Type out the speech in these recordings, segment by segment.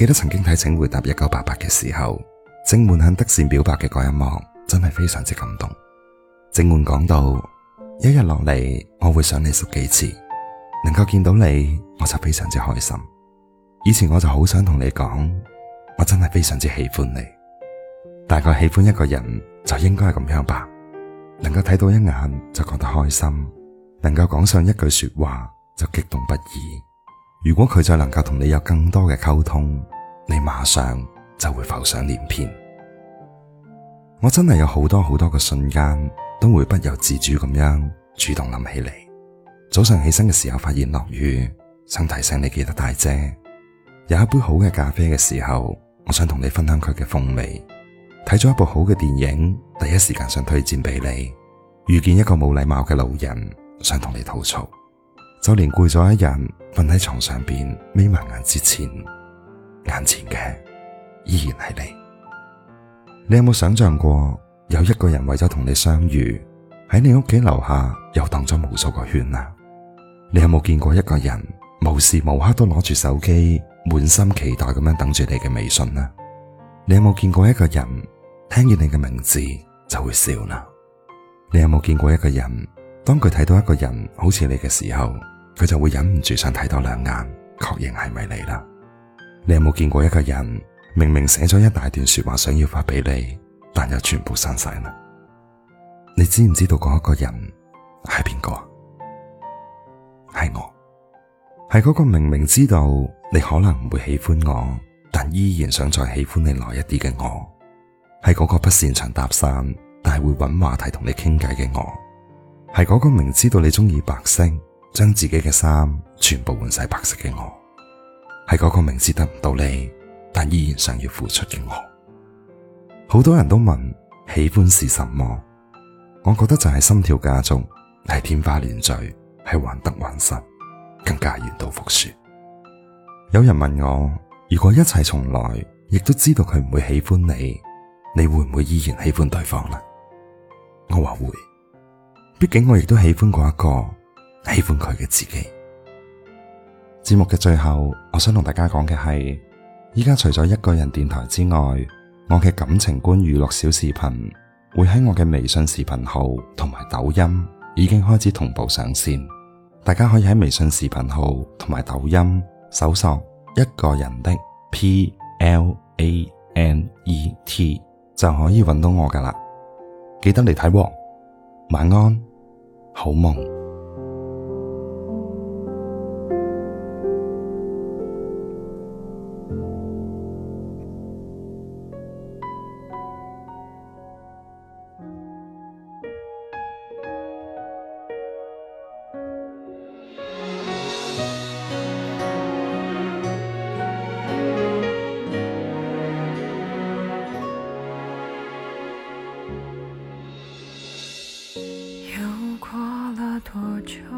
記得曾經睇請回答一九八八嘅時候，正煥向德善表白嘅嗰一幕，真係非常之感動。正煥講到：一日落嚟我會想你十幾次，能夠見到你，我就非常之開心。以前我就好想同你講，我真係非常之喜歡你。大概喜歡一個人就應該係咁樣吧，能夠睇到一眼就覺得開心，能夠講上一句說話就激動不已。如果佢再能夠同你有更多嘅溝通，你馬上就會浮想聯翩。我真係有好多好多嘅瞬間，都會不由自主咁樣主動諗起你。早上起身嘅時候發現落雨，想提醒你記得帶遮；有一杯好嘅咖啡嘅時候，我想同你分享佢嘅風味；睇咗一部好嘅電影，第一時間想推薦俾你；遇見一個冇禮貌嘅老人，想同你吐槽。就連攰咗一日，瞓喺床上邊眯埋眼之前，眼前嘅依然係你。你有冇想象過有一個人為咗同你相遇，喺你屋企樓下又蕩咗無數個圈啊？你有冇見過一個人無時無刻都攞住手機，滿心期待咁樣等住你嘅微信啊？你有冇見過一個人聽見你嘅名字就會笑啦？你有冇見過一個人？當佢睇到一個人好似你嘅時候，佢就會忍唔住想睇多兩眼，確認係咪你啦。你有冇見過一個人明明寫咗一大段說話想要發俾你，但又全部刪晒啦？你知唔知道嗰個人係邊個？係我，係嗰個明明知道你可能唔會喜歡我，但依然想再喜歡你耐一啲嘅我，係嗰個不擅長搭訕但係會搵話題同你傾偈嘅我。係嗰個明知道你中意白色，將自己嘅衫全部換晒白色嘅我；係嗰個明知得唔到你，但依然想要付出嘅我。好多人都問，喜歡是什麼？我覺得就係心跳加速，係天花亂墜，係患得患失，更加願賭服輸。有人問我，如果一切從來，亦都知道佢唔會喜歡你，你會唔會依然喜歡對方呢？我話會。畢竟我亦都喜歡過一個喜歡佢嘅自己。節目嘅最後，我想同大家講嘅係，依家除咗一個人電台之外，我嘅感情觀娛樂小視頻會喺我嘅微信視頻號同埋抖音已經開始同步上線，大家可以喺微信視頻號同埋抖音搜索一個人的 P L A N E T 就可以揾到我㗎喇。記得嚟睇喎，晚安。好夢。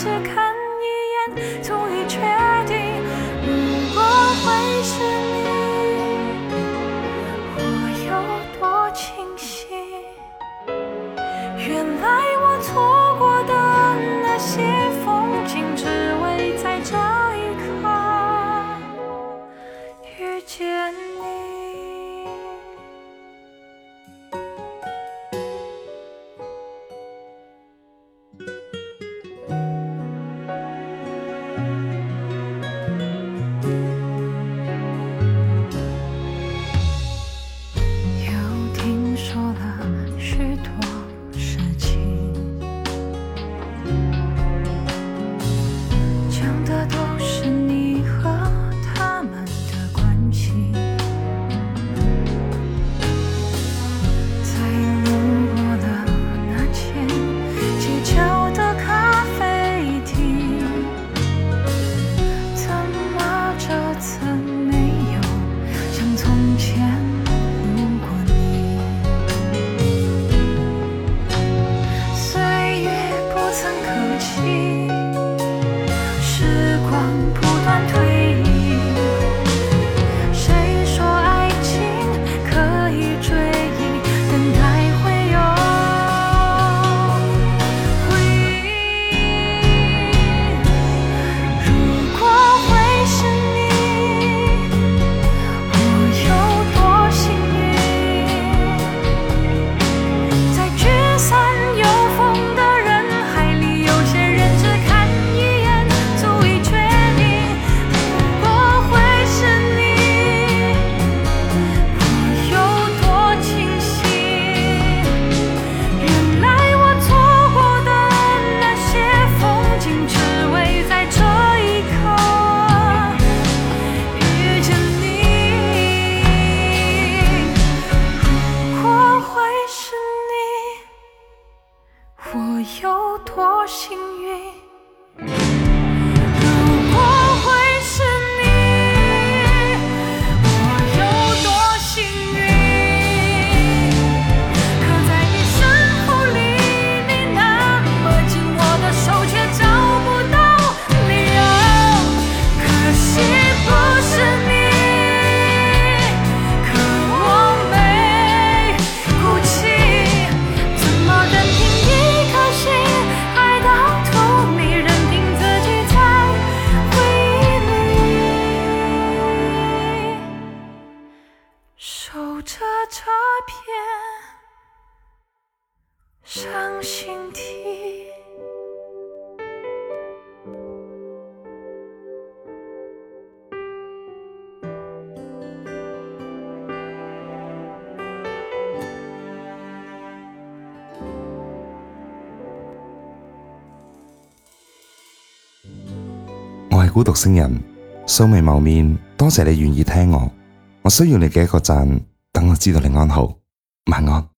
只看。我係孤獨星人，素未謀面，多謝你願意聽我，我需要你嘅一個讚。等我知道你安好，晚安。